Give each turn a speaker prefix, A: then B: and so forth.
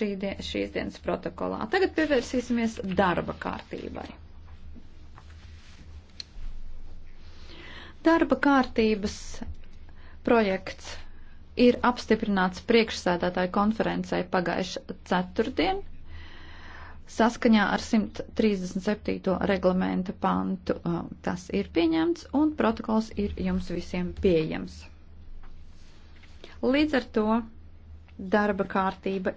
A: šī dien, šīs dienas protokolā. Tagad pievērsīsimies darba kārtībai. Darba kārtības projekts ir apstiprināts priekšsēdētāju konferencē pagājušā ceturtdien saskaņā ar 137. reglamenta pantu. Tas ir pieņemts un protokols ir jums visiem pieejams. Līdz ar to darba kārtība